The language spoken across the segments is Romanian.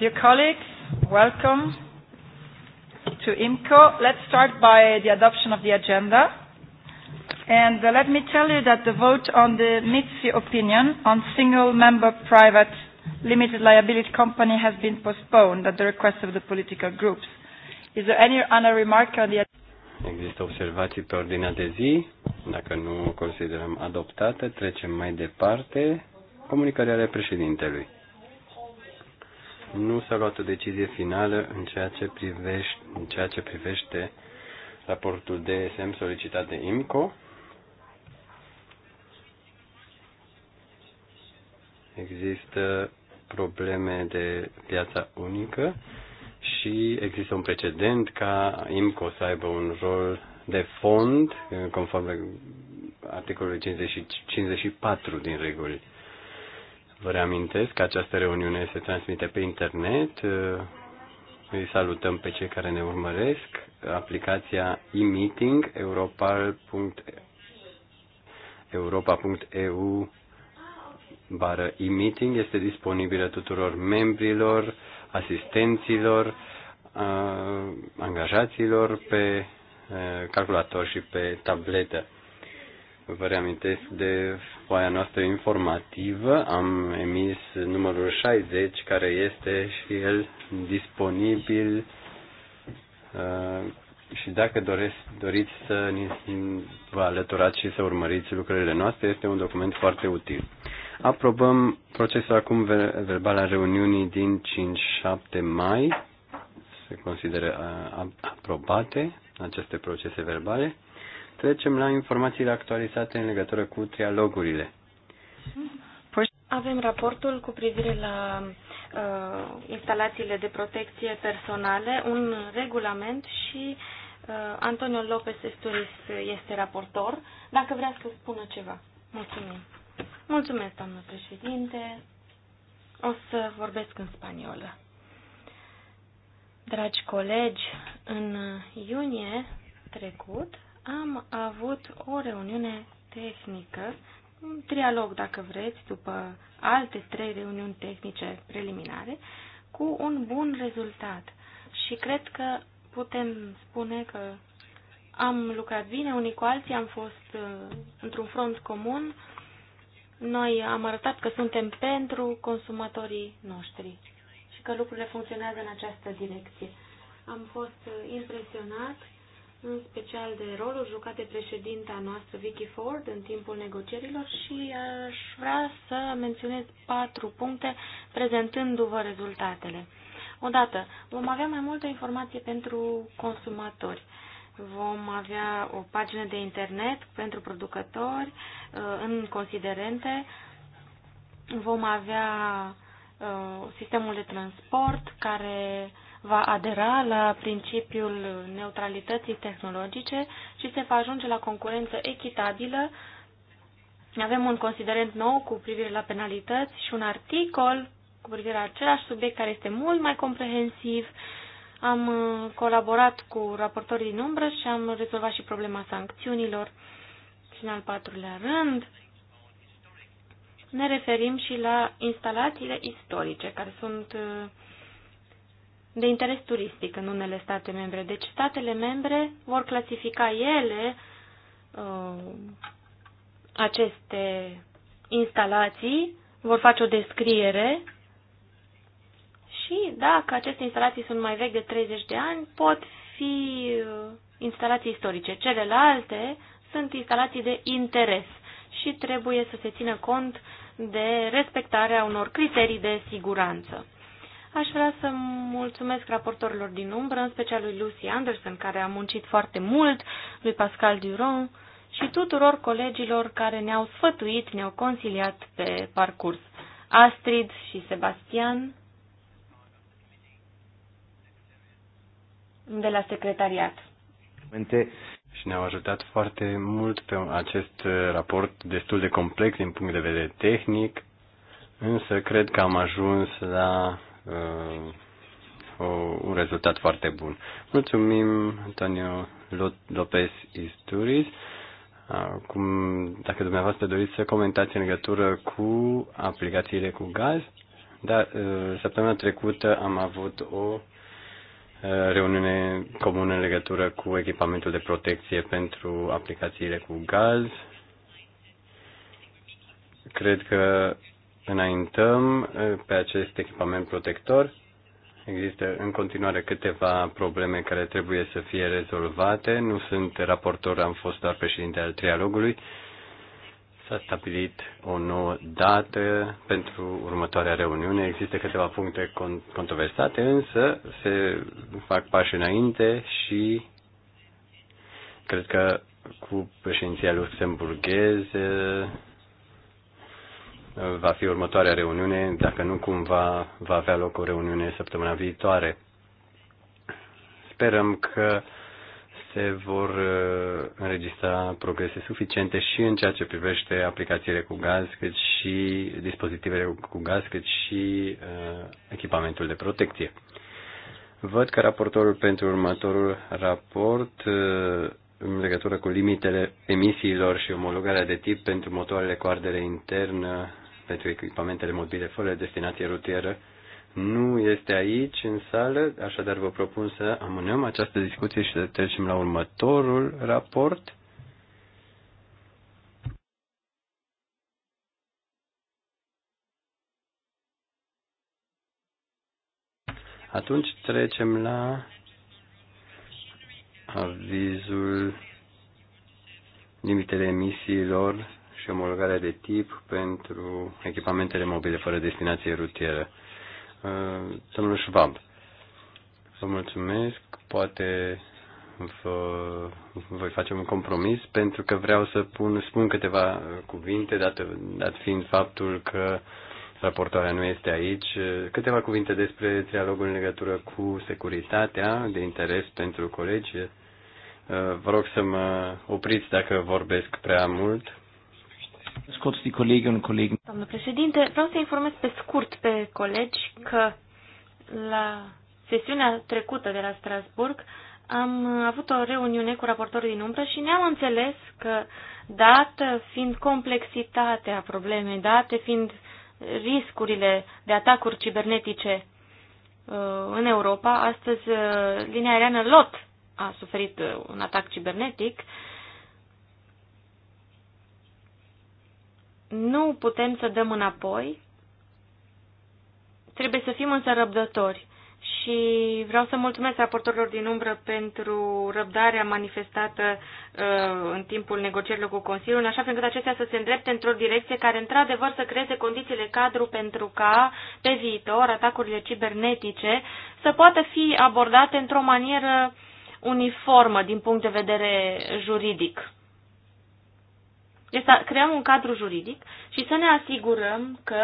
Dear colleagues, welcome to IMCO. Let's start by the adoption of the agenda. And uh, let me tell you that the vote on the MITSI opinion on single-member private limited liability company has been postponed at the request of the political groups. Is there any other remark on the Există observații pe ordinea de zi. Dacă nu o considerăm adoptată, trecem mai departe. Comunicarea președintelui nu s-a luat o decizie finală în ceea ce privește, în ceea ce privește raportul DSM solicitat de IMCO. Există probleme de piața unică și există un precedent ca IMCO să aibă un rol de fond, conform articolului 54 din reguli. Vă reamintesc că această reuniune se transmite pe internet. Îi salutăm pe cei care ne urmăresc. Aplicația e-meeting europa.eu bară e-meeting este disponibilă tuturor membrilor, asistenților, angajaților pe calculator și pe tabletă. Vă reamintesc de foaia noastră informativă. Am emis numărul 60, care este și el disponibil. Uh, și dacă doresc, doriți să vă alăturați și să urmăriți lucrările noastre, este un document foarte util. Aprobăm procesul acum verbal al reuniunii din 5-7 mai. Se consideră uh, aprobate aceste procese verbale. Trecem la informațiile actualizate în legătură cu trialogurile. Păi, avem raportul cu privire la uh, instalațiile de protecție personale, un regulament și uh, Antonio Lopez Esturis este raportor. Dacă vrea să spună ceva. Mulțumim. Mulțumesc, doamnă președinte. O să vorbesc în spaniolă. Dragi colegi, în iunie trecut am avut o reuniune tehnică, un trialog, dacă vreți, după alte trei reuniuni tehnice preliminare, cu un bun rezultat. Și cred că putem spune că am lucrat bine unii cu alții, am fost uh, într-un front comun. Noi am arătat că suntem pentru consumatorii noștri și că lucrurile funcționează în această direcție. Am fost uh, impresionat în special de rolul jucat de președinta noastră, Vicky Ford, în timpul negocierilor și aș vrea să menționez patru puncte prezentându-vă rezultatele. Odată, vom avea mai multă informație pentru consumatori. Vom avea o pagină de internet pentru producători uh, în considerente. Vom avea uh, sistemul de transport care va adera la principiul neutralității tehnologice și se va ajunge la concurență echitabilă. Avem un considerent nou cu privire la penalități și un articol cu privire la același subiect care este mult mai comprehensiv. Am uh, colaborat cu raportorii din umbră și am rezolvat și problema sancțiunilor. Și în al patrulea rând, ne referim și la instalațiile istorice, care sunt uh, de interes turistic în unele state membre. Deci statele membre vor clasifica ele uh, aceste instalații, vor face o descriere și dacă aceste instalații sunt mai vechi de 30 de ani, pot fi uh, instalații istorice. Celelalte sunt instalații de interes și trebuie să se țină cont de respectarea unor criterii de siguranță. Aș vrea să mulțumesc raportorilor din umbră, în special lui Lucy Anderson, care a muncit foarte mult, lui Pascal Duron și tuturor colegilor care ne-au sfătuit, ne-au consiliat pe parcurs. Astrid și Sebastian de la secretariat. Și ne-au ajutat foarte mult pe acest raport destul de complex din punct de vedere tehnic, însă cred că am ajuns la uh, un rezultat foarte bun. Mulțumim, Antonio Lopez Isturiz. Acum, dacă dumneavoastră doriți să comentați în legătură cu aplicațiile cu gaz, da, uh, săptămâna trecută am avut o uh, reuniune comună în legătură cu echipamentul de protecție pentru aplicațiile cu gaz. Cred că înaintăm eh, pe acest echipament protector. Există în continuare câteva probleme care trebuie să fie rezolvate. Nu sunt raportor, am fost doar președinte al trialogului. S-a stabilit o nouă dată pentru următoarea reuniune. Există câteva puncte controversate, însă se fac pași înainte și cred că cu președinția luxemburgheză va fi următoarea reuniune, dacă nu cumva va avea loc o reuniune săptămâna viitoare. Sperăm că se vor uh, înregistra progrese suficiente și în ceea ce privește aplicațiile cu gaz, cât și dispozitivele cu gaz, cât și uh, echipamentul de protecție. Văd că raportorul pentru următorul raport uh, în legătură cu limitele emisiilor și omologarea de tip pentru motoarele cu ardere internă pentru echipamentele mobile fără destinație rutieră nu este aici în sală, așadar vă propun să amânăm această discuție și să trecem la următorul raport. Atunci trecem la avizul limitele emisiilor și omologarea de tip pentru echipamentele mobile fără destinație rutieră. Uh, domnul Schwab, vă mulțumesc, poate vă, voi face un compromis pentru că vreau să pun, spun câteva cuvinte, dat, dat fiind faptul că raportoarea nu este aici, câteva cuvinte despre trialogul în legătură cu securitatea de interes pentru colegi. Uh, vă rog să mă opriți dacă vorbesc prea mult. Doamnă președinte, vreau să informez pe scurt pe colegi că la sesiunea trecută de la Strasburg am avut o reuniune cu raportorul din umbră și ne-am înțeles că, dată fiind complexitatea problemei, date fiind riscurile de atacuri cibernetice uh, în Europa, astăzi uh, linia aeriană LOT a suferit uh, un atac cibernetic Nu putem să dăm înapoi. Trebuie să fim însă răbdători. Și vreau să mulțumesc raportorilor din umbră pentru răbdarea manifestată uh, în timpul negocierilor cu Consiliul, în așa fel încât acestea să se îndrepte într-o direcție care, într-adevăr, să creeze condițiile cadru pentru ca, pe viitor, atacurile cibernetice să poată fi abordate într-o manieră uniformă din punct de vedere juridic. Deci să creăm un cadru juridic și să ne asigurăm că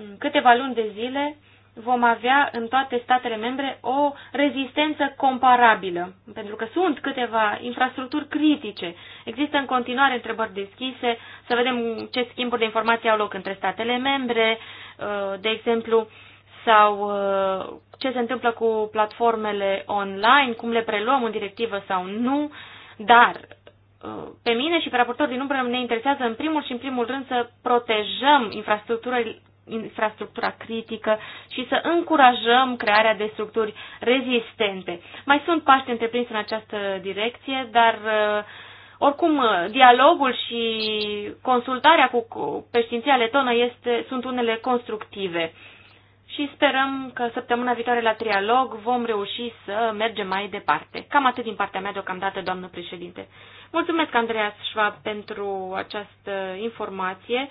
mm, câteva luni de zile vom avea în toate statele membre o rezistență comparabilă, pentru că sunt câteva infrastructuri critice. Există în continuare întrebări deschise, să vedem ce schimburi de informații au loc între statele membre, uh, de exemplu, sau uh, ce se întâmplă cu platformele online, cum le preluăm în directivă sau nu, dar Ah. pe mine și pe raportor din umbră ne interesează în primul și în primul rând să protejăm infrastructura, infrastructura critică și să încurajăm crearea de structuri rezistente. Mai sunt pași întreprinși în această direcție, dar uh, oricum dialogul și consultarea cu peștiinția letonă este, sunt unele constructive și sperăm că săptămâna viitoare la trialog vom reuși să mergem mai departe. Cam atât din partea mea deocamdată, doamnă președinte. Mulțumesc, Andreas Schwab, pentru această informație.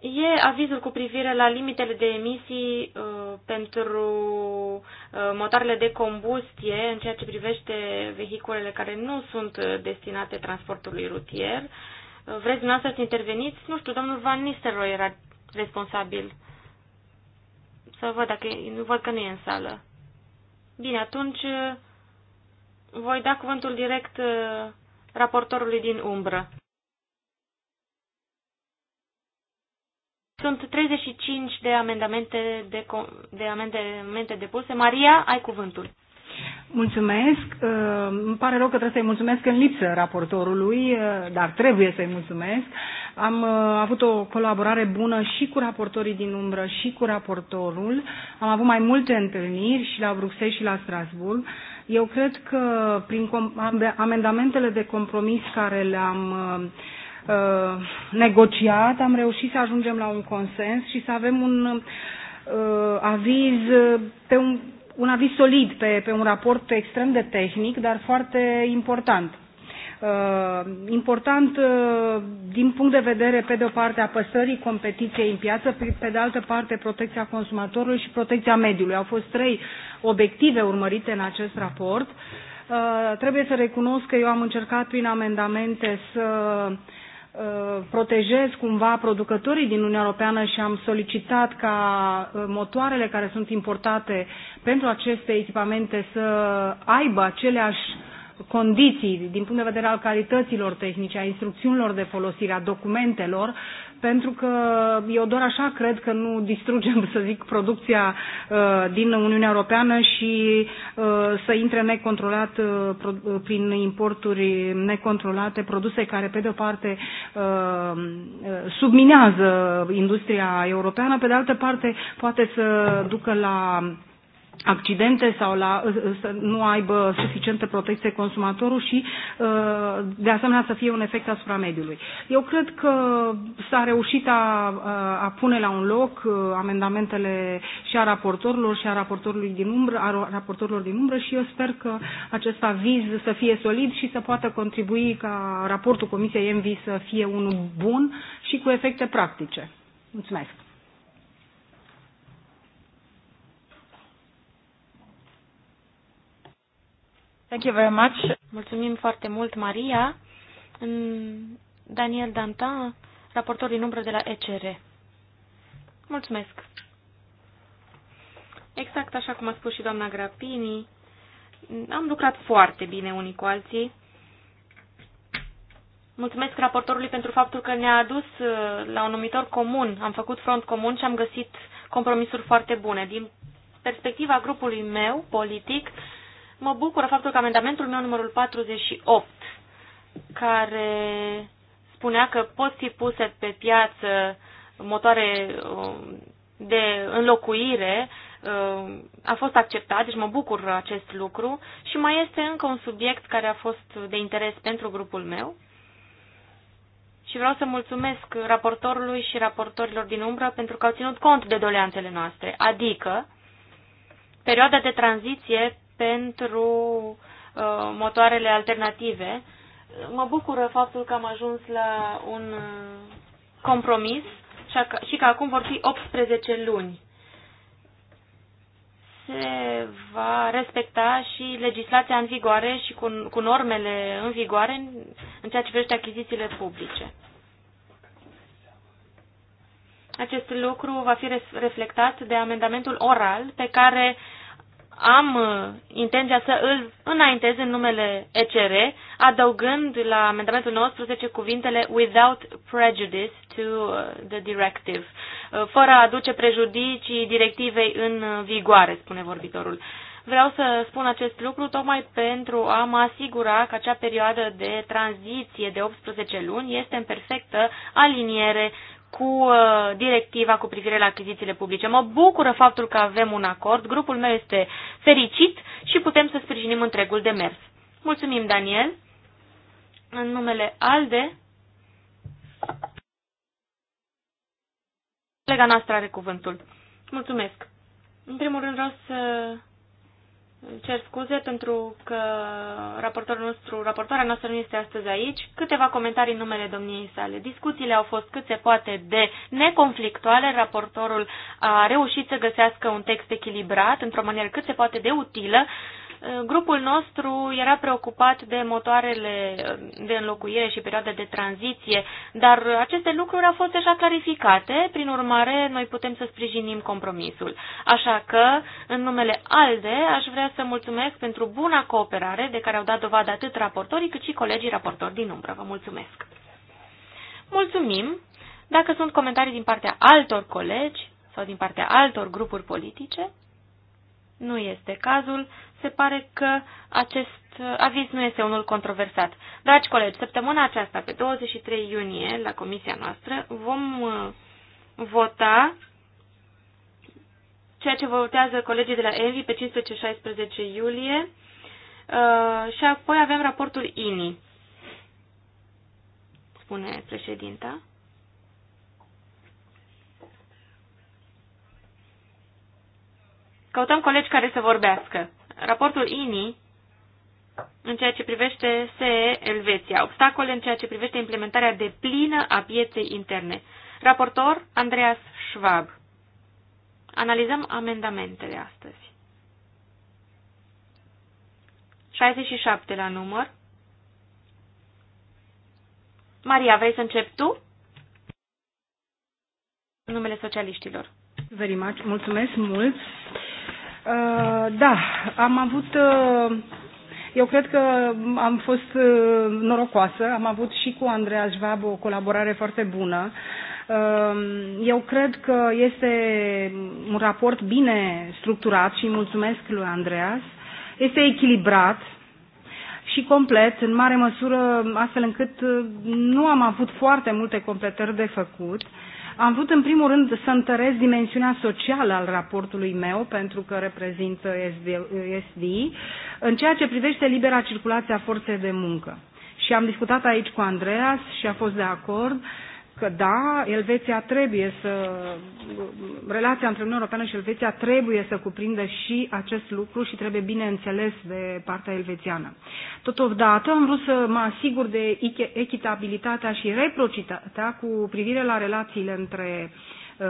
E avizul cu privire la limitele de emisii uh, pentru uh, motoarele de combustie în ceea ce privește vehiculele care nu sunt destinate transportului rutier. Uh, vreți dumneavoastră să interveniți? Nu știu, domnul Van Nistelrooy era responsabil. Să văd dacă nu văd că nu e în sală. Bine, atunci uh, voi da cuvântul direct uh, raportorului din umbră. Sunt 35 de amendamente, de, de amendamente depuse. Maria, ai cuvântul. Mulțumesc. Uh, îmi pare rău că trebuie să-i mulțumesc în lipsă raportorului, uh, dar trebuie să-i mulțumesc. Am uh, avut o colaborare bună și cu raportorii din umbră și cu raportorul. Am avut mai multe întâlniri și la Bruxelles și la Strasburg. Eu cred că prin amendamentele de compromis care le-am negociat, am reușit să ajungem la un consens și să avem un aviz pe un un aviz solid pe, pe un raport extrem de tehnic, dar foarte important. Uh, important uh, din punct de vedere, pe de o parte, a păstrării competiției în piață, pe, pe de altă parte, protecția consumatorului și protecția mediului. Au fost trei obiective urmărite în acest raport. Uh, trebuie să recunosc că eu am încercat prin amendamente să Uh, protejez cumva producătorii din Uniunea Europeană și am solicitat ca uh, motoarele care sunt importate pentru aceste echipamente să aibă aceleași condiții din punct de vedere al calităților tehnice, a instrucțiunilor de folosire, a documentelor, pentru că eu doar așa cred că nu distrugem, să zic, producția uh, din Uniunea Europeană și uh, să intre necontrolat uh, prin importuri necontrolate produse care, pe de o parte, subminează industria europeană, pe de altă parte, poate să ducă la accidente sau la, să nu aibă suficientă protecție consumatorul și uh, de asemenea să fie un efect asupra mediului. Eu cred că s-a reușit a, a pune la un loc uh, amendamentele și a raportorilor și a raportorului din umbră, a raportorilor din umbră și eu sper că acest aviz să fie solid și să poată contribui ca raportul Comisiei ENVI să fie unul bun și cu efecte practice. Mulțumesc! Thank you very much. Mulțumim foarte mult, Maria. Daniel Dantin, raportor din umbră de la ECR. Mulțumesc. Exact așa cum a spus și doamna Grapini, am lucrat foarte bine unii cu alții. Mulțumesc raportorului pentru faptul că ne-a adus uh, la un numitor comun. Am făcut front comun și am găsit compromisuri foarte bune. Din perspectiva grupului meu politic, Mă bucură faptul că amendamentul meu numărul 48, care spunea că pot fi puse pe piață motoare um, de înlocuire, um, a fost acceptat, deci mă bucur acest lucru și mai este încă un subiect care a fost de interes pentru grupul meu și vreau să mulțumesc raportorului și raportorilor din umbră pentru că au ținut cont de doleanțele noastre, adică perioada de tranziție pentru uh, motoarele alternative. Mă bucură faptul că am ajuns la un uh, compromis și că acum vor fi 18 luni. Se va respecta și legislația în vigoare și cu, cu normele în vigoare în ceea ce privește achizițiile publice. Acest lucru va fi reflectat de amendamentul oral pe care am uh, intenția să îl înaintez în numele ECR, adăugând la amendamentul 19 cuvintele without prejudice to uh, the directive, uh, fără a aduce prejudicii directivei în vigoare, spune vorbitorul. Vreau să spun acest lucru tocmai pentru a mă asigura că acea perioadă de tranziție de 18 luni este în perfectă aliniere cu uh, directiva cu privire la achizițiile publice. Mă bucură faptul că avem un acord, grupul meu este fericit și putem să sprijinim întregul demers. Mulțumim, Daniel. În numele ALDE, colega noastră are cuvântul. Mulțumesc. În primul rând vreau să cer scuze pentru că raportorul nostru, raportoarea noastră nu este astăzi aici. Câteva comentarii în numele domniei sale. Discuțiile au fost cât se poate de neconflictuale. Raportorul a reușit să găsească un text echilibrat într-o manieră cât se poate de utilă Grupul nostru era preocupat de motoarele de înlocuire și perioada de tranziție, dar aceste lucruri au fost deja clarificate, prin urmare noi putem să sprijinim compromisul. Așa că, în numele ALDE, aș vrea să mulțumesc pentru buna cooperare de care au dat dovadă atât raportorii cât și colegii raportori din umbră. Vă mulțumesc! Mulțumim! Dacă sunt comentarii din partea altor colegi sau din partea altor grupuri politice, nu este cazul se pare că acest uh, aviz nu este unul controversat. Dragi colegi, săptămâna aceasta, pe 23 iunie, la comisia noastră, vom uh, vota ceea ce votează colegii de la ENVI pe 15-16 iulie uh, și apoi avem raportul INI, spune președinta. Căutăm colegi care să vorbească raportul INI în ceea ce privește SE Elveția, obstacole în ceea ce privește implementarea de plină a pieței interne. Raportor Andreas Schwab. Analizăm amendamentele astăzi. 67 la număr. Maria, vrei să începi tu? Numele socialiștilor. Very much. Mulțumesc mult. Uh, da, am avut, uh, eu cred că am fost uh, norocoasă, am avut și cu Andreea Jvab o colaborare foarte bună. Eu cred că este un raport bine structurat și mulțumesc lui Andreas. Este echilibrat și complet, în mare măsură, astfel încât nu am avut foarte multe completări de făcut. Uh, am vrut în primul rând să întăresc dimensiunea socială al raportului meu, pentru că reprezintă SDI, în ceea ce privește libera circulație a forței de muncă. Și am discutat aici cu Andreas și a fost de acord uh, că da, Elveția trebuie să, relația între Uniunea Europeană și Elveția trebuie să cuprindă și acest lucru și trebuie bine înțeles de partea elvețiană. Totodată am vrut să mă asigur de echitabilitatea și reprocitatea cu privire la relațiile între uh,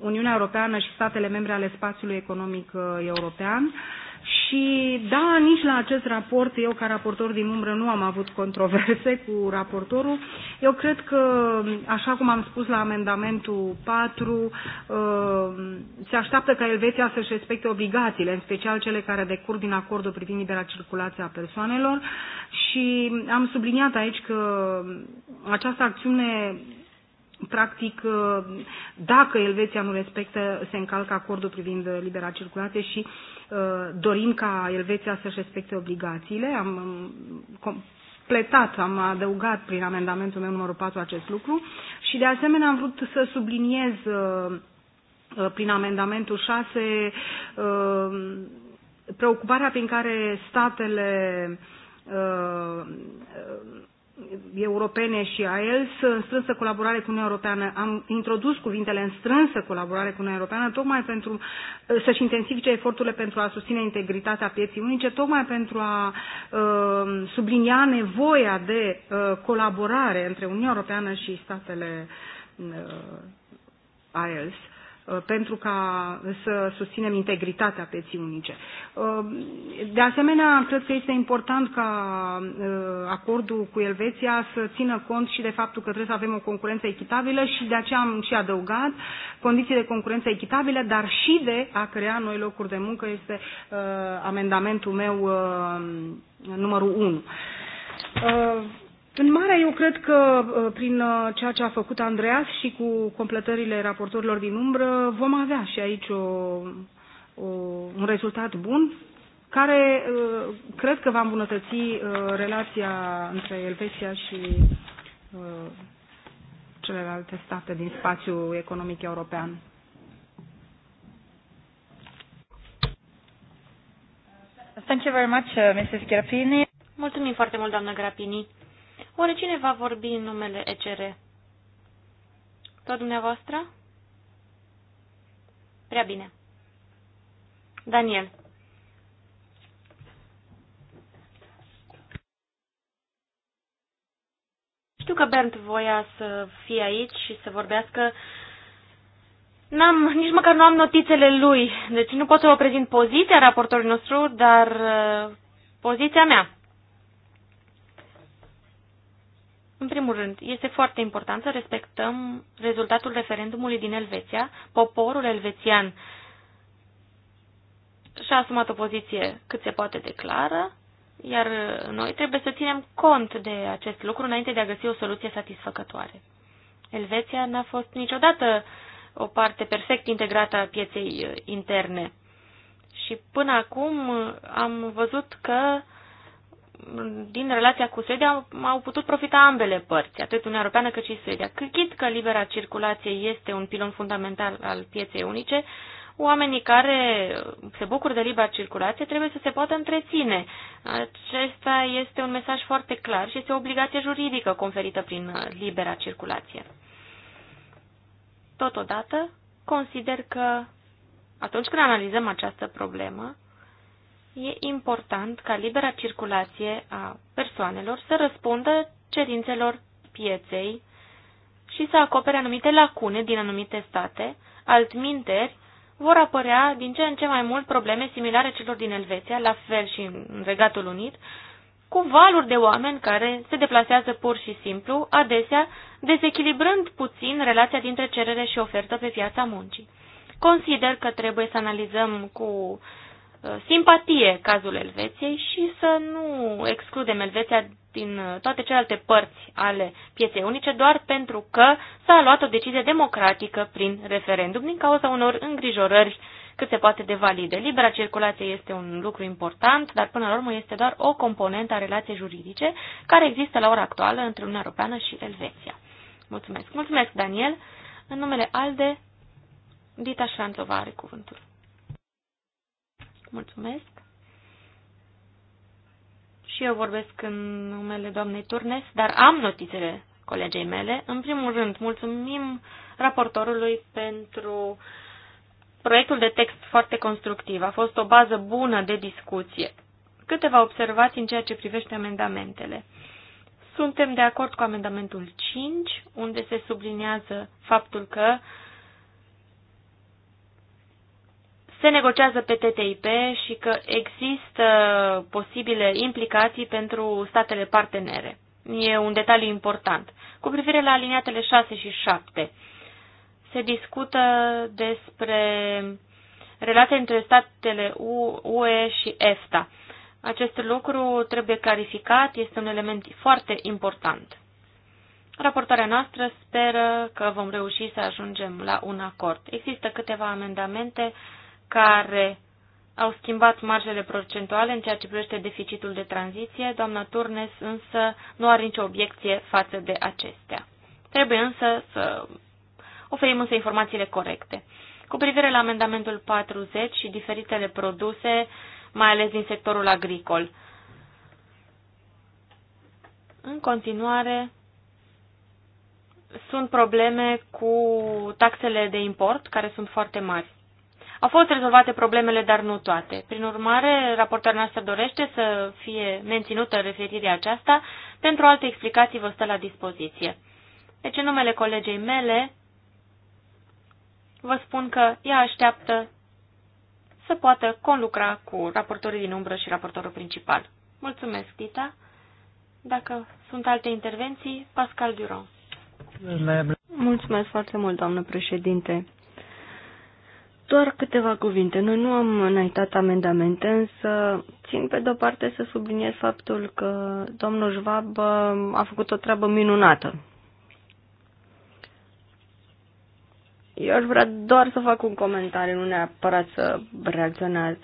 Uniunea Europeană și statele membre ale spațiului economic uh, european. Uh, și da, nici la acest raport, eu ca raportor din umbră nu am avut controverse cu raportorul. Eu cred că, așa cum am spus la amendamentul 4, uh, se așteaptă ca Elveția să-și respecte obligațiile, în special cele care decurg din acordul privind libera circulație a persoanelor și am subliniat aici că această acțiune practic, uh, dacă Elveția nu respectă, se încalcă acordul privind libera circulație și uh, dorim ca Elveția să-și respecte obligațiile. Am um, completat, am adăugat prin amendamentul meu numărul 4 acest lucru și, de asemenea, am vrut să subliniez uh, prin amendamentul 6 preocuparea prin care statele europene și a ELS, în strânsă colaborare cu Uniunea Europeană. Am introdus cuvintele în strânsă colaborare cu Uniunea Europeană, tocmai pentru să-și intensifice eforturile pentru a susține integritatea pieții unice, tocmai pentru a uh, sublinia nevoia de uh, colaborare între Uniunea Europeană și statele uh, IELTS. Uh, pentru ca să susținem integritatea pieții unice. Uh, de asemenea, cred că este important ca uh, acordul cu Elveția să țină cont și de faptul că trebuie să avem o concurență echitabilă și de aceea am și adăugat condiții de concurență echitabilă, dar și de a crea noi locuri de muncă. Este amendamentul meu numărul 1. În mare, eu cred că uh, prin uh, ceea ce a făcut Andreas și cu completările raportorilor din umbră vom avea și aici o, o, un rezultat bun care uh, cred că va îmbunătăți relația între Elveția și celelalte state din spațiul economic european. Thank you very much, Mrs. Grappini. Mulțumim foarte mult, doamnă Grappini. Oare cine va vorbi în numele ECR? Tot dumneavoastră? Prea bine. Daniel. Știu că Bernd voia să fie aici și să vorbească. N-am, nici măcar nu am notițele lui, deci nu pot să vă prezint poziția raportorului nostru, dar uh, poziția mea. În primul rând, este foarte important să respectăm rezultatul referendumului din Elveția. Poporul elvețian și-a asumat o poziție cât se poate declară, iar noi trebuie să ținem cont de acest lucru înainte de a găsi o soluție satisfăcătoare. Elveția n-a fost niciodată o parte perfect integrată a pieței interne. Și până acum am văzut că uh, din relația cu Suedia au putut profita ambele părți, atât Uniunea Europeană cât și Suedia. Chit că libera circulație este un pilon fundamental al pieței unice, oamenii care se bucură de libera circulație trebuie să se poată întreține. Acesta este un mesaj foarte clar și este o obligație juridică conferită prin libera circulație. Totodată, consider că atunci când analizăm această problemă, e important ca libera circulație a persoanelor să răspundă cerințelor pieței și să acopere anumite lacune din anumite state, altminteri vor apărea din ce în ce mai mult probleme similare celor din Elveția, la fel și în Regatul Unit, cu valuri de oameni care se deplasează pur și simplu, adesea dezechilibrând puțin relația dintre cerere și ofertă pe piața muncii. Consider că trebuie să analizăm cu Uh, simpatie cazul Elveției și să nu excludem Elveția din uh, toate celelalte părți ale pieței unice doar pentru că s-a luat o decizie democratică prin referendum din cauza unor îngrijorări cât se poate de valide. Libera circulație este un lucru important, dar până la urmă este doar o componentă a relației juridice care există la ora actuală între Uniunea Europeană și Elveția. Mulțumesc. Mulțumesc, Daniel. În numele ALDE, Dita Șanțova are cuvântul. Mulțumesc. Și eu vorbesc în numele doamnei Turnes, dar am notițele colegei mele. În primul rând, mulțumim raportorului pentru proiectul de text foarte constructiv. A fost o bază bună de discuție. Câteva observații în ceea ce privește amendamentele. Suntem de acord cu amendamentul 5, unde se subliniază faptul că uh, se negociază pe TTIP și că există posibile implicații pentru statele partenere. E un detaliu important. Cu privire la aliniatele 6 și 7, se discută despre relația între statele UE și EFTA. Acest lucru trebuie clarificat, este un element foarte important. Raportarea noastră speră că vom reuși să ajungem la un acord. Există câteva amendamente care au schimbat marjele procentuale în ceea ce privește deficitul de tranziție, doamna Turnes însă nu are nicio obiecție față de acestea. Trebuie însă să oferim însă informațiile corecte. Cu privire la amendamentul 40 și diferitele produse, mai ales din sectorul agricol. În continuare, sunt probleme cu taxele de import, care sunt foarte mari. Au fost rezolvate problemele, dar nu toate. Prin urmare, raportarea noastră dorește să fie menținută referirea aceasta. Pentru alte explicații vă stă la dispoziție. Deci, în numele colegei mele, vă spun că ea așteaptă să poată conlucra cu raportorii din umbră și raportorul principal. Mulțumesc, Tita. Dacă sunt alte intervenții, Pascal Duron. Mulțumesc foarte mult, doamnă președinte. Doar câteva cuvinte. Noi nu am înaintat amendamente, însă țin pe de-o parte să subliniez faptul că domnul Jvab uh, a făcut o treabă minunată. Eu aș vrea doar să fac un comentariu, nu neapărat să reacționez.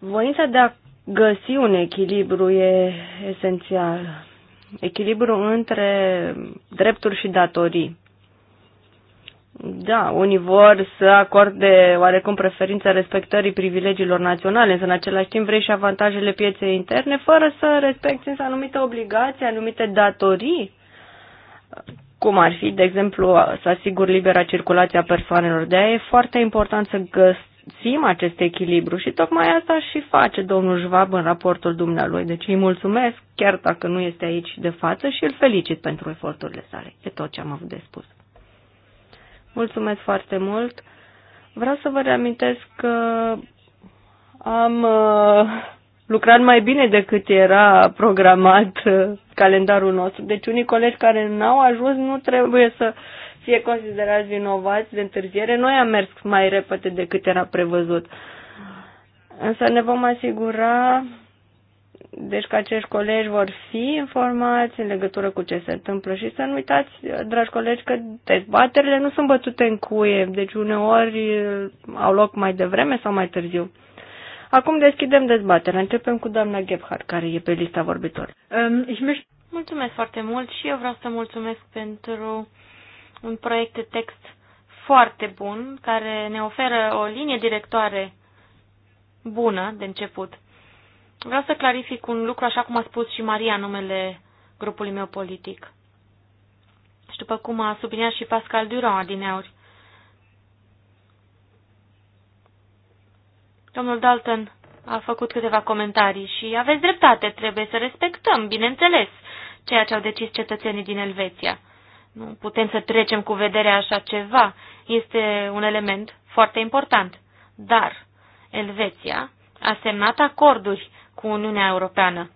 Voința de a găsi un echilibru e esențial. Echilibru între drepturi și datorii da, unii vor să acorde oarecum preferința respectării privilegiilor naționale, însă în același timp vrei și avantajele pieței interne, fără să respecti însă anumite obligații, anumite datorii, cum ar fi, de exemplu, să asiguri libera circulație a persoanelor. De aia e foarte important să găsim acest echilibru și tocmai asta și face domnul Jvab în raportul dumnealui. Deci îi mulțumesc, chiar dacă nu este aici de față, și îl felicit pentru eforturile sale. E tot ce am avut de spus. Mulțumesc foarte mult. Vreau să vă reamintesc că am uh, lucrat mai bine decât era programat uh, calendarul nostru. Deci unii colegi care n-au ajuns nu trebuie să fie considerați vinovați de întârziere. Noi am mers mai repede decât era prevăzut. Însă ne vom asigura deci că acești colegi vor fi informați în legătură cu ce se întâmplă și să nu uitați, dragi colegi, că dezbaterile nu sunt bătute în cuie, deci uneori uh, au loc mai devreme sau mai târziu. Acum deschidem dezbaterea. Începem cu doamna Gebhardt, care e pe lista Um, Mulțumesc foarte mult și eu vreau să mulțumesc pentru un proiect de text foarte bun, care ne oferă o linie directoare bună de început. Vreau să clarific un lucru, așa cum a spus și Maria, numele grupului meu politic. Și după cum a subliniat și Pascal Durand adineauri. Domnul Dalton a făcut câteva comentarii și aveți dreptate, trebuie să respectăm, bineînțeles, ceea ce au decis cetățenii din Elveția. Nu putem să trecem cu vederea așa ceva, este un element foarte important. Dar Elveția a semnat acorduri cu Uniunea Europeană.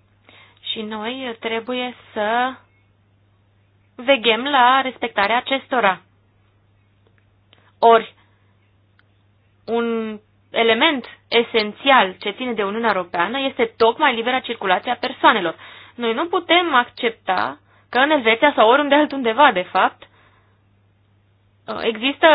Și noi trebuie să veghem la respectarea acestora. Ori, un element esențial ce ține de Uniunea Europeană este tocmai libera circulație a persoanelor. Noi nu putem accepta că în Elveția sau oriunde altundeva, de fapt, există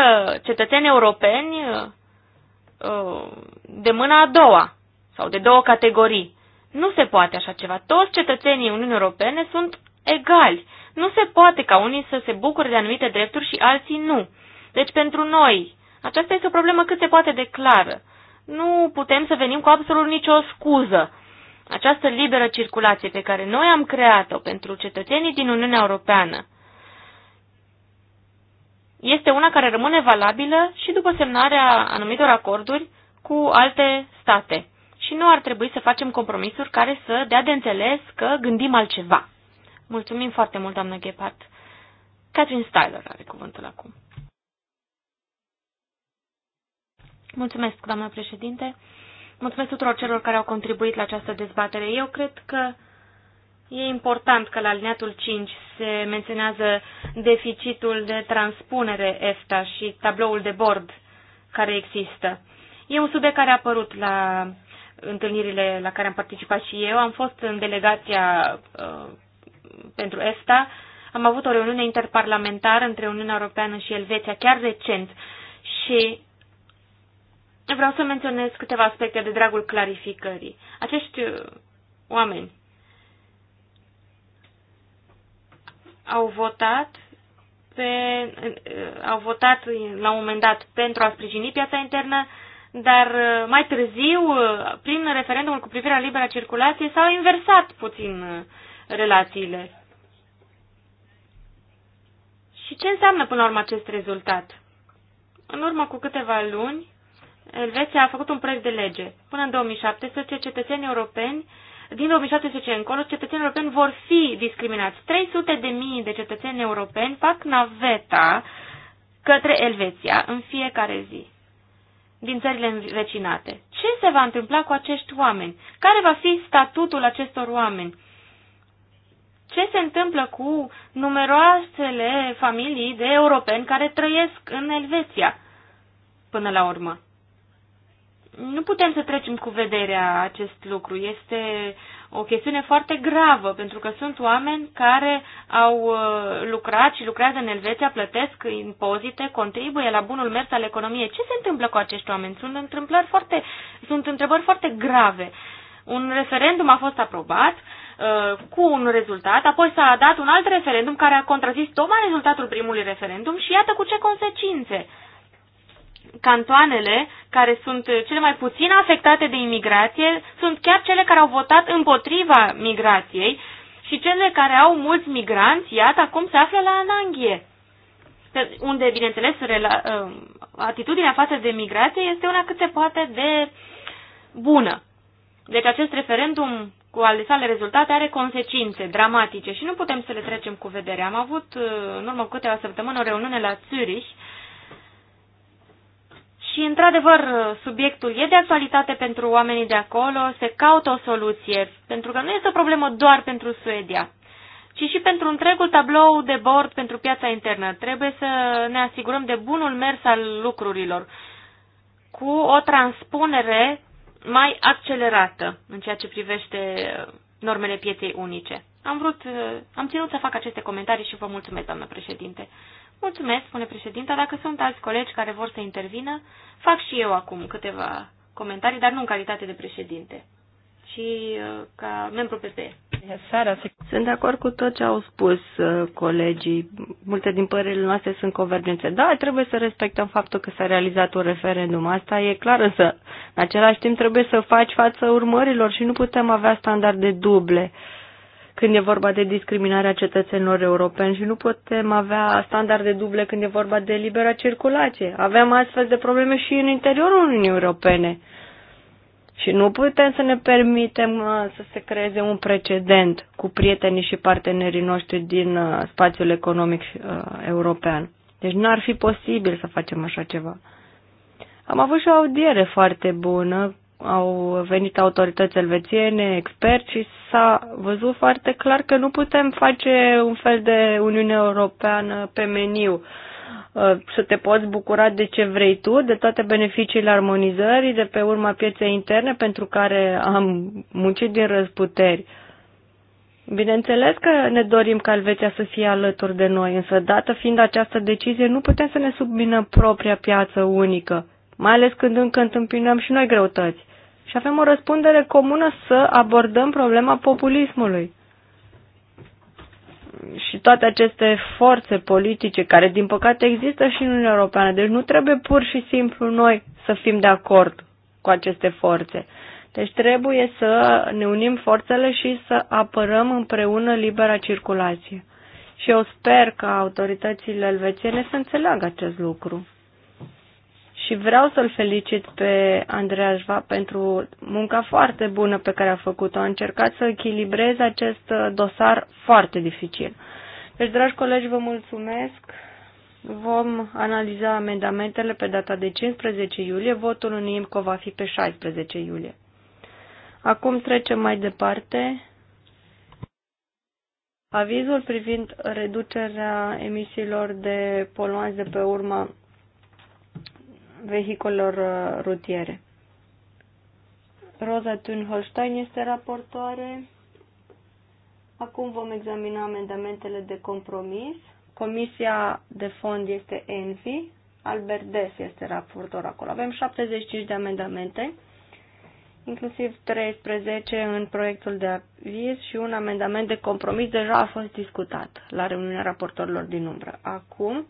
cetățeni europeni uh, de mâna a doua sau de două categorii. Nu se poate așa ceva. Toți cetățenii Uniunii Europene sunt egali. Nu se poate ca unii să se bucure de anumite drepturi și alții nu. Deci pentru noi, aceasta este o problemă cât se poate de clară. Nu putem să venim cu absolut nicio scuză. Această liberă circulație pe care noi am creat-o pentru cetățenii din Uniunea Europeană este una care rămâne valabilă și după semnarea anumitor acorduri cu alte state și nu ar trebui să facem compromisuri care să dea de înțeles că gândim altceva. Mulțumim foarte mult, doamnă Ghepat. Catherine Styler are cuvântul acum. Mulțumesc, doamnă președinte. Mulțumesc tuturor celor care au contribuit la această dezbatere. Eu cred că e important că la alineatul 5 se menționează deficitul de transpunere EFTA și tabloul de bord care există. E un subiect care a apărut la întâlnirile la care am participat și eu. Am fost în delegația uh, pentru ESTA Am avut o reuniune interparlamentară între Uniunea Europeană și Elveția chiar recent și vreau să menționez câteva aspecte de dragul clarificării. Acești uh, oameni au votat pe, uh, au votat la un moment dat pentru a sprijini piața internă, dar uh, mai târziu, uh, prin referendumul cu privire la libera circulație, s-au inversat puțin uh, relațiile. Și ce înseamnă până la urmă acest rezultat? În urmă cu câteva luni, Elveția a făcut un proiect de lege. Până în 2017, cetățenii europeni, din 2017 încolo, cetățenii europeni vor fi discriminați. 300 de mii de cetățeni europeni fac naveta către Elveția în fiecare zi din țările învecinate. Ce se va întâmpla cu acești oameni? Care va fi statutul acestor oameni? Ce se întâmplă cu numeroasele familii de europeni care trăiesc în Elveția până la urmă? nu putem să trecem cu vederea acest lucru. Este o chestiune foarte gravă, pentru că sunt oameni care au uh, lucrat și lucrează în Elveția, plătesc impozite, contribuie la bunul mers al economiei. Ce se întâmplă cu acești oameni? Sunt, întâmplări foarte, sunt întrebări foarte grave. Un referendum a fost aprobat uh, cu un rezultat, apoi s-a dat un alt referendum care a contrazis tocmai rezultatul primului referendum și iată cu ce consecințe cantoanele care sunt cele mai puțin afectate de imigrație sunt chiar cele care au votat împotriva migrației și cele care au mulți migranți, iată, acum se află la ananghie. Unde, bineînțeles, uh, atitudinea față de migrație este una cât se poate de bună. Deci acest referendum cu ale sale rezultate are consecințe dramatice și nu putem să le trecem cu vedere. Am avut uh, în urmă câteva săptămâni o reuniune la Zürich, și, într-adevăr, subiectul e de actualitate pentru oamenii de acolo, se caută o soluție, pentru că nu este o problemă doar pentru Suedia, ci și pentru întregul tablou de bord pentru piața internă. Trebuie să ne asigurăm de bunul mers al lucrurilor, cu o transpunere mai accelerată în ceea ce privește uh, normele pieței unice. Am vrut, uh, am ținut să fac aceste comentarii și vă mulțumesc, doamnă președinte. Mulțumesc, spune președinta. Dacă sunt alți colegi care vor să intervină, fac și eu acum câteva comentarii, dar nu în calitate de președinte, ci uh, ca membru PPE. sunt de acord cu tot ce au spus uh, colegii. Multe din părerile noastre sunt convergențe. Da, trebuie să respectăm faptul că s-a realizat un referendum. Asta e clar, însă în același timp trebuie să faci față urmărilor și nu putem avea standarde duble. Uh, când e vorba de discriminarea cetățenilor europeni și nu putem avea standarde duble când e vorba de libera circulație. Avem astfel de probleme și în interiorul Uniunii Europene. Și nu putem să ne permitem uh, să se creeze un precedent cu prietenii și partenerii noștri din uh, spațiul economic uh, european. Deci n-ar fi posibil să facem așa ceva. Am avut și o audiere foarte bună au venit autorități elvețiene, experți și s-a văzut foarte clar că nu putem face un fel de Uniune Europeană pe meniu. Uh, să te poți bucura de ce vrei tu, de toate beneficiile armonizării, de pe urma pieței interne pentru care am muncit din răzputeri. Bineînțeles că ne dorim ca Elveția să fie alături de noi, însă dată fiind această decizie, nu putem să ne subminăm propria piață unică, mai ales când încă întâmpinăm și noi greutăți. Și avem o răspundere comună să abordăm problema populismului. Și toate aceste forțe politice care, din păcate, există și în Uniunea Europeană. Deci nu trebuie pur și simplu noi să fim de acord cu aceste forțe. Deci trebuie să ne unim forțele și să apărăm împreună libera circulație. Și eu sper că autoritățile elvețiene să înțeleagă acest lucru și vreau să-l felicit pe Andreea Jva pentru munca foarte bună pe care a făcut-o. A încercat să echilibreze acest uh, dosar foarte dificil. Deci, dragi colegi, vă mulțumesc. Vom analiza amendamentele pe data de 15 iulie. Votul în IMCO va fi pe 16 iulie. Acum trecem mai departe. Avizul privind reducerea emisiilor de poluanți de pe urma vehiculelor uh, rutiere. Rosa Thun-Holstein este raportoare. Acum vom examina amendamentele de compromis. Comisia de fond este ENVI. Albert Des este raportor acolo. Avem 75 de amendamente, inclusiv 13 în proiectul de aviz și un amendament de compromis deja a fost discutat la reuniunea raportorilor din umbră. Acum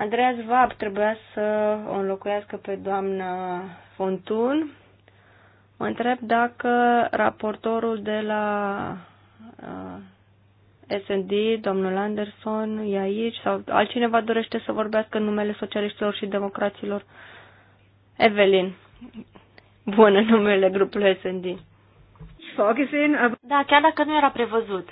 Andreas Zvab trebuia să o înlocuiască pe doamna Fontun. Mă întreb dacă raportorul de la uh, S&D, domnul Anderson, e aici sau altcineva dorește să vorbească în numele socialiștilor și democraților. Evelyn, bună numele grupului S&D. Da, chiar dacă nu era prevăzut.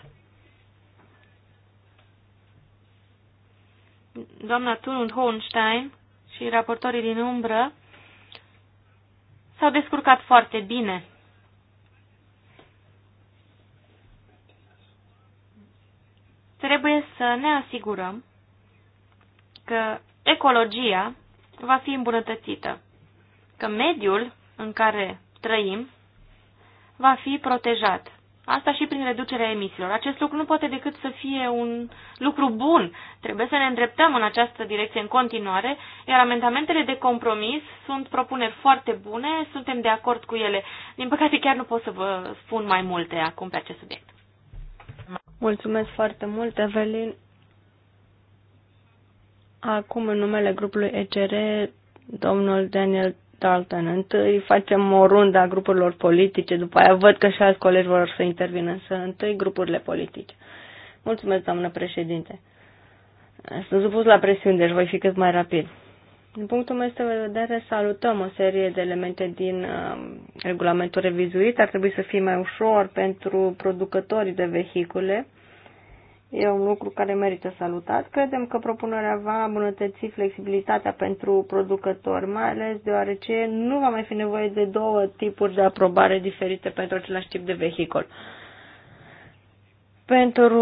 doamna Tunund Hohenstein și raportorii din umbră s-au descurcat foarte bine. Trebuie să ne asigurăm că ecologia va fi îmbunătățită, că mediul în care trăim va fi protejat. Asta și prin reducerea emisiilor. Acest lucru nu poate decât să fie un lucru bun. Trebuie să ne îndreptăm în această direcție în continuare, iar amendamentele de compromis sunt propuneri foarte bune, suntem de acord cu ele. Din păcate chiar nu pot să vă spun mai multe acum pe acest subiect. Mulțumesc foarte mult, Evelyn. Acum, în numele grupului ECR, domnul Daniel alta. Întâi facem o rundă a grupurilor politice, după aia văd că și alți colegi vor să intervină, Să întâi grupurile politice. Mulțumesc, doamnă președinte. Sunt supus la presiune, deci voi fi cât mai rapid. Din punctul meu de vedere, salutăm o serie de elemente din uh, regulamentul revizuit. Ar trebui să fie mai ușor pentru producătorii de vehicule E un lucru care merită salutat. Credem că propunerea va îmbunătăți flexibilitatea pentru producători, mai ales deoarece nu va mai fi nevoie de două tipuri de aprobare diferite pentru același tip de vehicul. Pentru,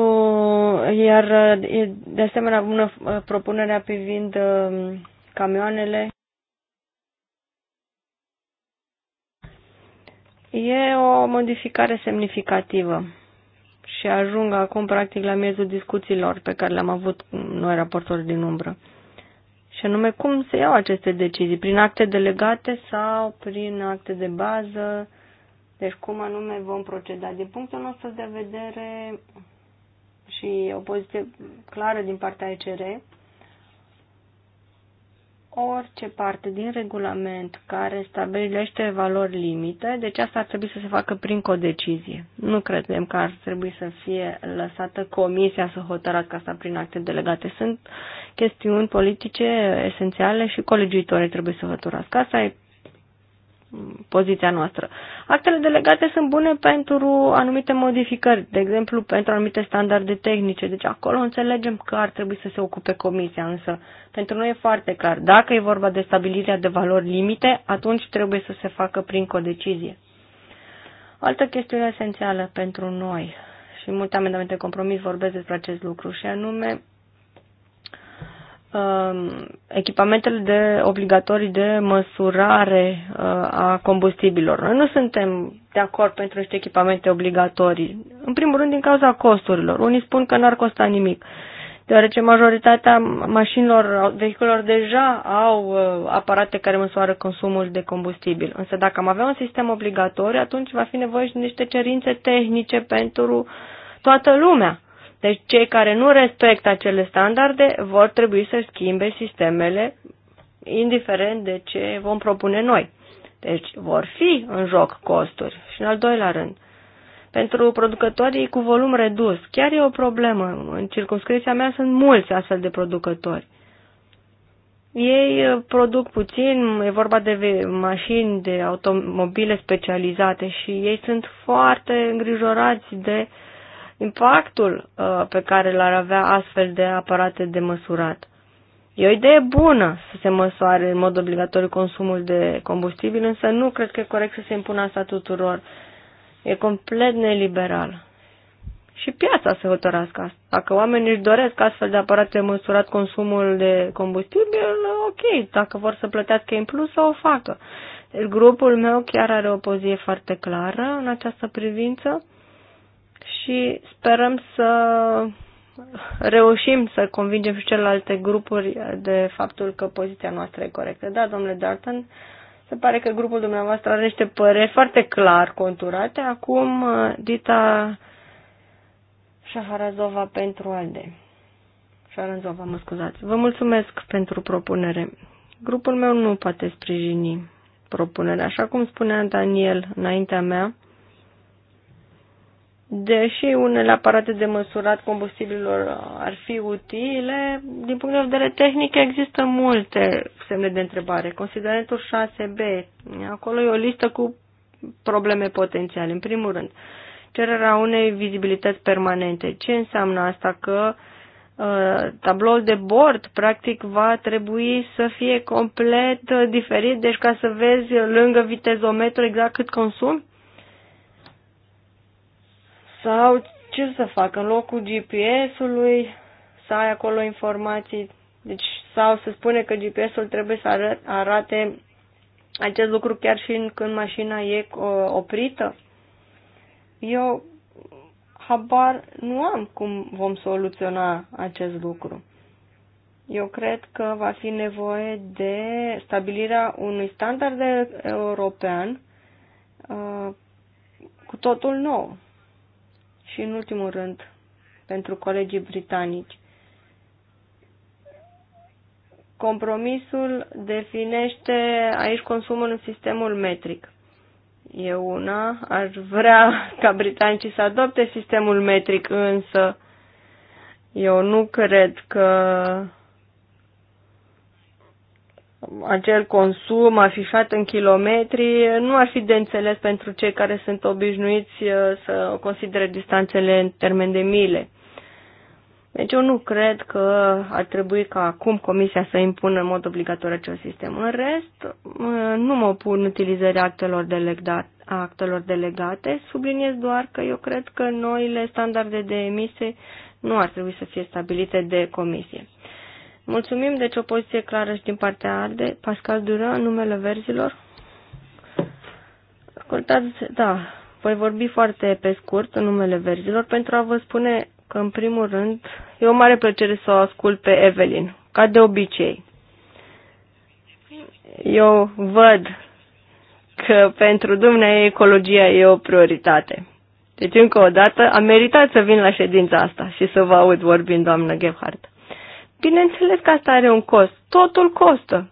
iar e de asemenea bună uh, propunerea privind um, camioanele. E o modificare semnificativă și ajung acum practic la miezul discuțiilor pe care le-am avut cu noi raportori din umbră. Și anume cum se iau aceste decizii, prin acte delegate sau prin acte de bază, deci cum anume vom proceda. Din punctul nostru de vedere și o poziție clară din partea ECR, orice parte din regulament care stabilește valori limite, deci asta ar trebui să se facă prin codecizie. Nu credem că ar trebui să fie lăsată comisia să hotărască asta prin acte delegate. Sunt chestiuni politice esențiale și colegiitorii trebuie să hotărască. Asta e poziția noastră. Actele delegate sunt bune pentru anumite modificări, de exemplu pentru anumite standarde tehnice, deci acolo înțelegem că ar trebui să se ocupe comisia, însă pentru noi e foarte clar, dacă e vorba de stabilirea de valori limite, atunci trebuie să se facă prin codecizie. Altă chestiune esențială pentru noi și multe amendamente compromis vorbesc despre acest lucru și anume Um, echipamentele de obligatorii de măsurare uh, a combustibilor. Noi nu suntem de acord pentru niște echipamente obligatorii. În primul rând din cauza costurilor. Unii spun că n-ar costa nimic, deoarece majoritatea mașinilor, vehiculelor deja au uh, aparate care măsoară consumul de combustibil. Însă dacă am avea un sistem obligatoriu, atunci va fi nevoie și de niște cerințe tehnice pentru toată lumea deci cei care nu respectă acele standarde vor trebui să schimbe sistemele, indiferent de ce vom propune noi. Deci vor fi în joc costuri. Și în al doilea rând, pentru producătorii cu volum redus, chiar e o problemă. În circunscripția mea sunt mulți astfel de producători. Ei uh, produc puțin, e vorba de mașini, de automobile specializate și ei sunt foarte îngrijorați de uh, impactul uh, pe care l-ar avea astfel de aparate de măsurat. E o idee bună să se măsoare în mod obligatoriu consumul de combustibil, însă nu cred că e corect să se impună asta tuturor. E complet neliberal. Și piața se hotărască asta. Dacă oamenii își doresc astfel de aparate măsurat consumul de combustibil, ok, dacă vor să plătească în plus, să o facă. Deci grupul meu chiar are o pozie foarte clară în această privință și sperăm să reușim să convingem și celelalte grupuri de faptul că poziția noastră e corectă. Da, domnule Darton, se pare că grupul dumneavoastră are niște păreri foarte clar conturate. Acum, Dita Șaharazova pentru ALDE. Șaharazova, mă scuzați. Vă mulțumesc pentru propunere. Grupul meu nu poate sprijini propunerea. Așa cum spunea Daniel înaintea mea, Deși unele aparate de măsurat combustibililor ar fi utile, din punct de vedere tehnic există multe semne de întrebare. Considerentul 6b, acolo e o listă cu probleme potențiale. În primul rând, cererea unei vizibilități permanente. Ce înseamnă asta? Că ă, tabloul de bord, practic, va trebui să fie complet ă, diferit, deci ca să vezi lângă vitezometru exact cât consumi? Sau ce să fac În locul GPS-ului să ai acolo informații? Deci, sau se spune că GPS-ul trebuie să arate acest lucru chiar și când mașina e oprită? Eu habar nu am cum vom soluționa acest lucru. Eu cred că va fi nevoie de stabilirea unui standard european uh, cu totul nou și, în ultimul rând, pentru colegii britanici. Compromisul definește aici consumul în sistemul metric. Eu una aș vrea ca britanicii să adopte sistemul metric, însă eu nu cred că acel consum afișat în kilometri nu ar fi de înțeles pentru cei care sunt obișnuiți uh, să considere distanțele în termen de mile. Deci eu nu cred că ar trebui ca acum Comisia să impună în mod obligatoriu acest sistem. În rest, uh, nu mă opun utilizării actelor, delegate, actelor delegate, subliniez doar că eu cred că noile standarde de emise nu ar trebui să fie stabilite de Comisie. Mulțumim, deci o poziție clară și din partea arde, Pascal Dura, numele verzilor. Ascultați, da, voi vorbi foarte pe scurt în numele verzilor pentru a vă spune că, în primul rând, e o mare plăcere să o ascult pe Evelyn, ca de obicei. Eu văd că pentru dumneavoastră ecologia e o prioritate. Deci, încă o dată, am meritat să vin la ședința asta și să vă aud vorbind, doamnă Gebhardt. Bineînțeles că asta are un cost. Totul costă.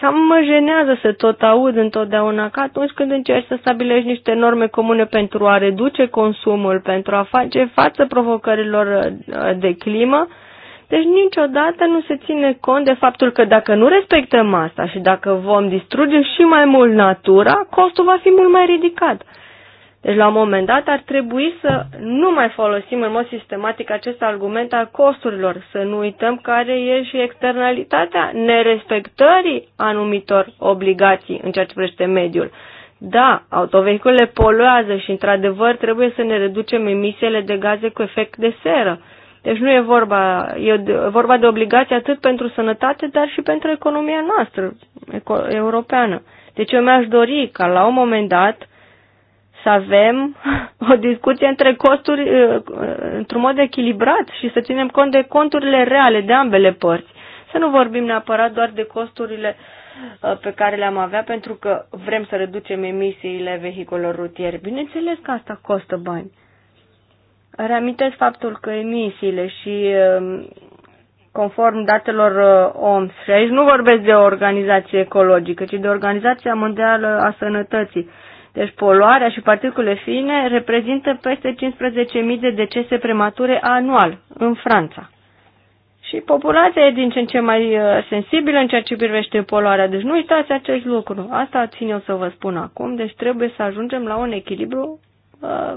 Chiar mă jenează să tot aud întotdeauna că atunci când încerci să stabilești niște norme comune pentru a reduce consumul, pentru a face față provocărilor uh, de climă, deci niciodată nu se ține cont de faptul că dacă nu respectăm asta și dacă vom distruge și mai mult natura, costul va fi mult mai ridicat. Deci, la un moment dat, ar trebui să nu mai folosim în mod sistematic acest argument al costurilor, să nu uităm care e și externalitatea nerespectării anumitor obligații în ceea ce privește mediul. Da, autovehiculele poluează și, într-adevăr, trebuie să ne reducem emisiile de gaze cu efect de seră. Deci nu e vorba, e vorba de obligații atât pentru sănătate, dar și pentru economia noastră eco- europeană. Deci eu mi-aș dori ca la un moment dat să avem o discuție între costuri uh, într-un mod echilibrat și să ținem cont de conturile reale de ambele părți. Să nu vorbim neapărat doar de costurile uh, pe care le-am avea pentru că vrem să reducem emisiile vehiculor rutiere. Bineînțeles că asta costă bani. Reamintesc faptul că emisiile și um, conform datelor uh, OMS, și aici nu vorbesc de o organizație ecologică, ci de Organizația Mondială a Sănătății, deci poluarea și particule fine reprezintă peste 15.000 de decese premature anual în Franța. Și populația e din ce în ce mai uh, sensibilă în ceea ce privește poluarea. Deci nu uitați acest lucru. Asta țin eu să vă spun acum. Deci trebuie să ajungem la un echilibru uh,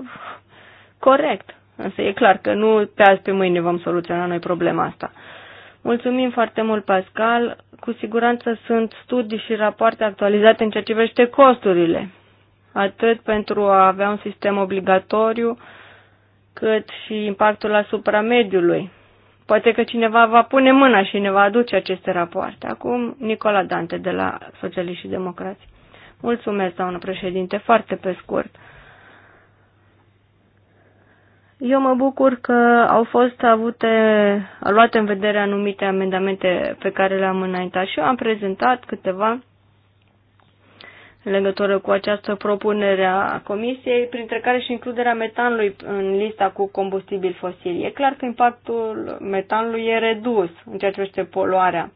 corect. Însă e clar că nu pe azi pe mâine vom soluționa noi problema asta. Mulțumim foarte mult, Pascal. Cu siguranță sunt studii și rapoarte actualizate în ceea ce privește costurile atât pentru a avea un sistem obligatoriu, cât și impactul asupra mediului. Poate că cineva va pune mâna și ne va aduce aceste rapoarte. Acum, Nicola Dante de la Socialiști și Democrați. Mulțumesc, doamnă președinte, foarte pe scurt. Eu mă bucur că au fost avute, luate în vedere anumite amendamente pe care le-am înaintat și eu am prezentat câteva în legătură cu această propunere a Comisiei, printre care și includerea metanului în lista cu combustibili fosili. E clar că impactul metanului e redus în ceea ce privește poluarea.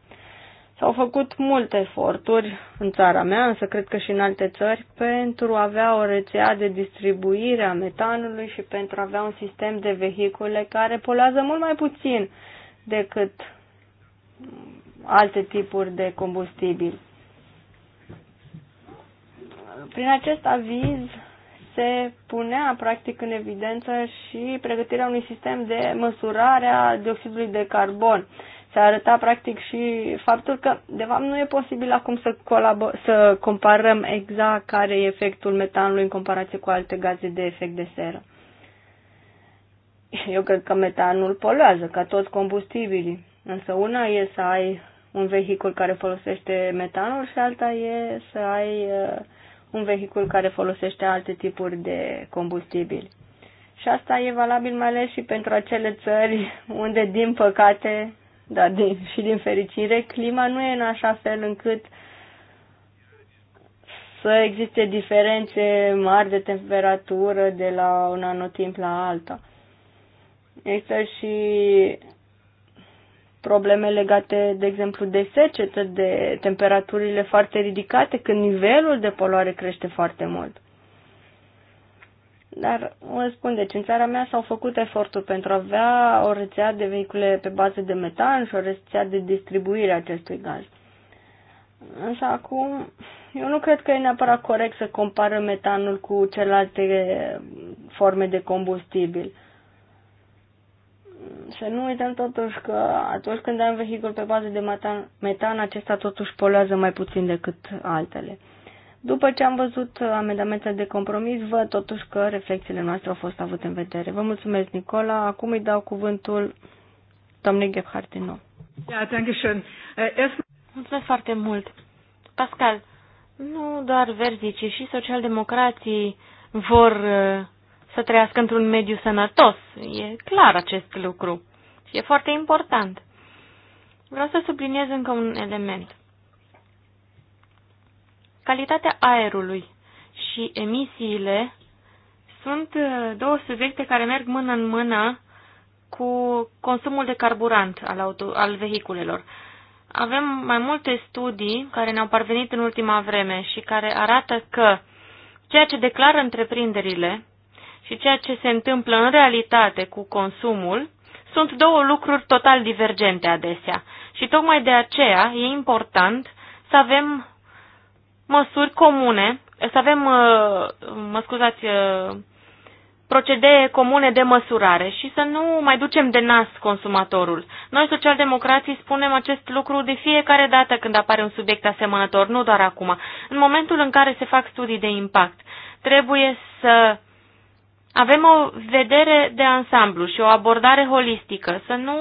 S-au făcut multe eforturi în țara mea, însă cred că și în alte țări, pentru a avea o rețea de distribuire a metanului și pentru a avea un sistem de vehicule care poluează mult mai puțin decât alte tipuri de combustibili. Prin acest aviz se punea practic în evidență și pregătirea unui sistem de măsurare a dioxidului de carbon. Se arăta practic și faptul că, de fapt, nu e posibil acum să, colabo- să comparăm exact care e efectul metanului în comparație cu alte gaze de efect de seră. Eu cred că metanul poluează, ca toți combustibilii. Însă una e să ai un vehicul care folosește metanul și alta e să ai uh, un vehicul care folosește alte tipuri de combustibili. Și asta e valabil mai ales și pentru acele țări unde, din păcate, dar din, și din fericire, clima nu e în așa fel încât să existe diferențe mari de temperatură de la un anotimp la alta. Există și probleme legate, de exemplu, de secetă, de temperaturile foarte ridicate, când nivelul de poluare crește foarte mult. Dar, vă spun, deci în țara mea s-au făcut eforturi pentru a avea o rețea de vehicule pe bază de metan și o rețea de distribuire a acestui gaz. Însă acum, eu nu cred că e neapărat corect să compară metanul cu celelalte forme de combustibil să nu uităm totuși că atunci când ai un vehicul pe bază de metan, metan, acesta totuși poluează mai puțin decât altele. După ce am văzut amendamentele de compromis, văd totuși că reflexiile noastre au fost avute în vedere. Vă mulțumesc, Nicola. Acum îi dau cuvântul doamnei Gebhardt din nou. Ja, äh, Mulțumesc foarte mult. Pascal, nu doar verzi, ci și socialdemocrații vor să trăiască într-un mediu sănătos. E clar acest lucru și e foarte important. Vreau să subliniez încă un element. Calitatea aerului și emisiile sunt uh, două subiecte care merg mână în mână cu consumul de carburant al, auto, al vehiculelor. Avem mai multe studii care ne-au parvenit în ultima vreme și care arată că ceea ce declară întreprinderile și ceea ce se întâmplă în realitate cu consumul sunt două lucruri total divergente adesea. Și tocmai de aceea e important să avem măsuri comune, să avem, uh, mă scuzați, uh, procedee comune de măsurare și să nu mai ducem de nas consumatorul. Noi, socialdemocrații, spunem acest lucru de fiecare dată când apare un subiect asemănător, nu doar acum. În momentul în care se fac studii de impact, trebuie să uh, avem o vedere de ansamblu și o abordare holistică, să nu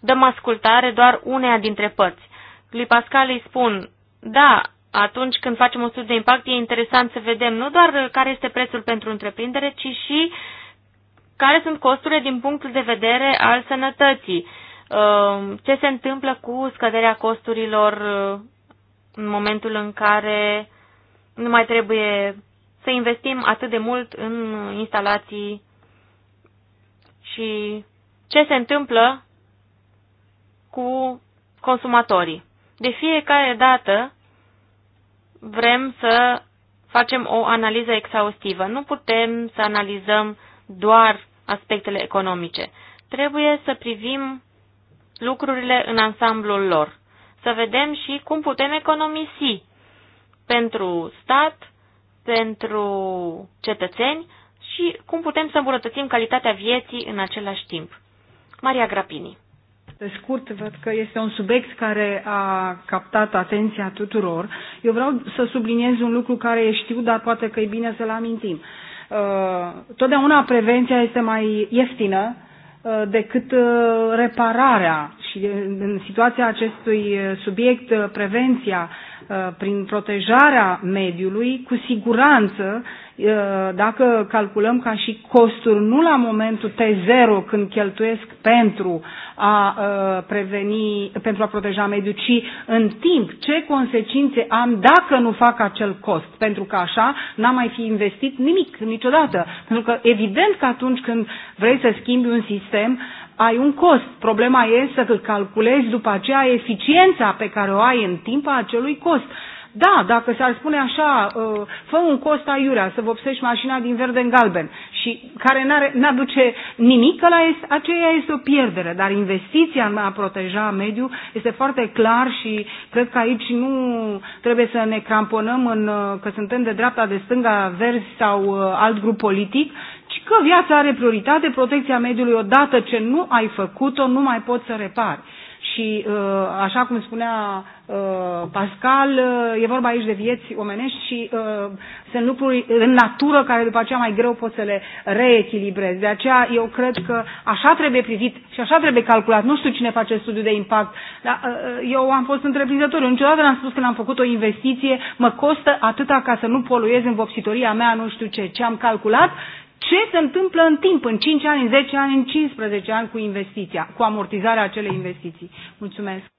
dăm ascultare doar uneia dintre părți. Lui Pascal îi spun, da, atunci când facem un studiu de impact e interesant să vedem nu doar care este prețul pentru întreprindere, ci și care sunt costurile din punctul de vedere al sănătății, uh, ce se întâmplă cu scăderea costurilor uh, în momentul în care nu mai trebuie să investim atât de mult în instalații și ce se întâmplă cu consumatorii. De fiecare dată vrem să facem o analiză exhaustivă. Nu putem să analizăm doar aspectele economice. Trebuie să privim lucrurile în ansamblul lor, să vedem și cum putem economisi pentru stat, pentru cetățeni și cum putem să îmbunătățim calitatea vieții în același timp. Maria Grapini. Pe scurt, văd că este un subiect care a captat atenția tuturor. Eu vreau să subliniez un lucru care e știu, dar poate că e bine să-l amintim. Uh, totdeauna prevenția este mai ieftină uh, decât uh, repararea și în situația acestui subiect, prevenția Uh, prin protejarea mediului, cu siguranță, uh, dacă calculăm ca și costuri, nu la momentul T0 când cheltuiesc pentru a uh, preveni, pentru a proteja mediul, ci în timp ce consecințe am dacă nu fac acel cost, pentru că așa n-am mai fi investit nimic niciodată. Pentru că evident că atunci când vrei să schimbi un sistem, ai un cost. Problema e să calculezi după aceea eficiența pe care o ai în timp a acelui cost. Da, dacă s-ar spune așa, uh, fă un cost aiurea să vopsești mașina din verde în galben și care n-aduce nimic, la aceea este o pierdere, dar investiția în a proteja mediul este foarte clar și cred că aici nu trebuie să ne cramponăm în, uh, că suntem de dreapta, de stânga, verzi sau uh, alt grup politic, că viața are prioritate, protecția mediului, odată ce nu ai făcut-o, nu mai poți să repari. Și uh, așa cum spunea uh, Pascal, uh, e vorba aici de vieți omenești și sunt lucruri în natură care după aceea mai greu poți să le reechilibrezi. De aceea eu cred că așa trebuie privit și așa trebuie calculat. Nu știu cine face studiu de impact, dar eu am fost întreprinzător. Eu niciodată n-am spus că am făcut o investiție, mă costă atâta ca să nu poluez în vopsitoria mea, nu știu ce. Ce am calculat ce se întâmplă în timp, în 5 ani, în 10 ani, în 15 ani cu investiția, cu amortizarea acelei investiții. Mulțumesc.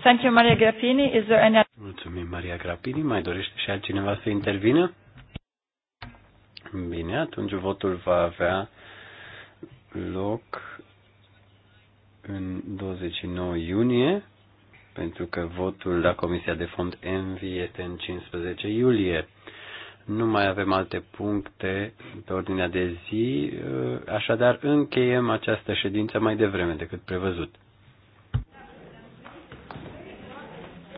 Thank you, Maria Grappini. Is there any... Mulțumim, Maria Grappini. Mai dorește și altcineva să intervină? Bine, atunci votul va avea loc în 29 iunie pentru că votul la Comisia de Fond ENVI este în 15 iulie. Nu mai avem alte puncte pe ordinea de zi, uh, așadar încheiem această ședință mai devreme decât prevăzut.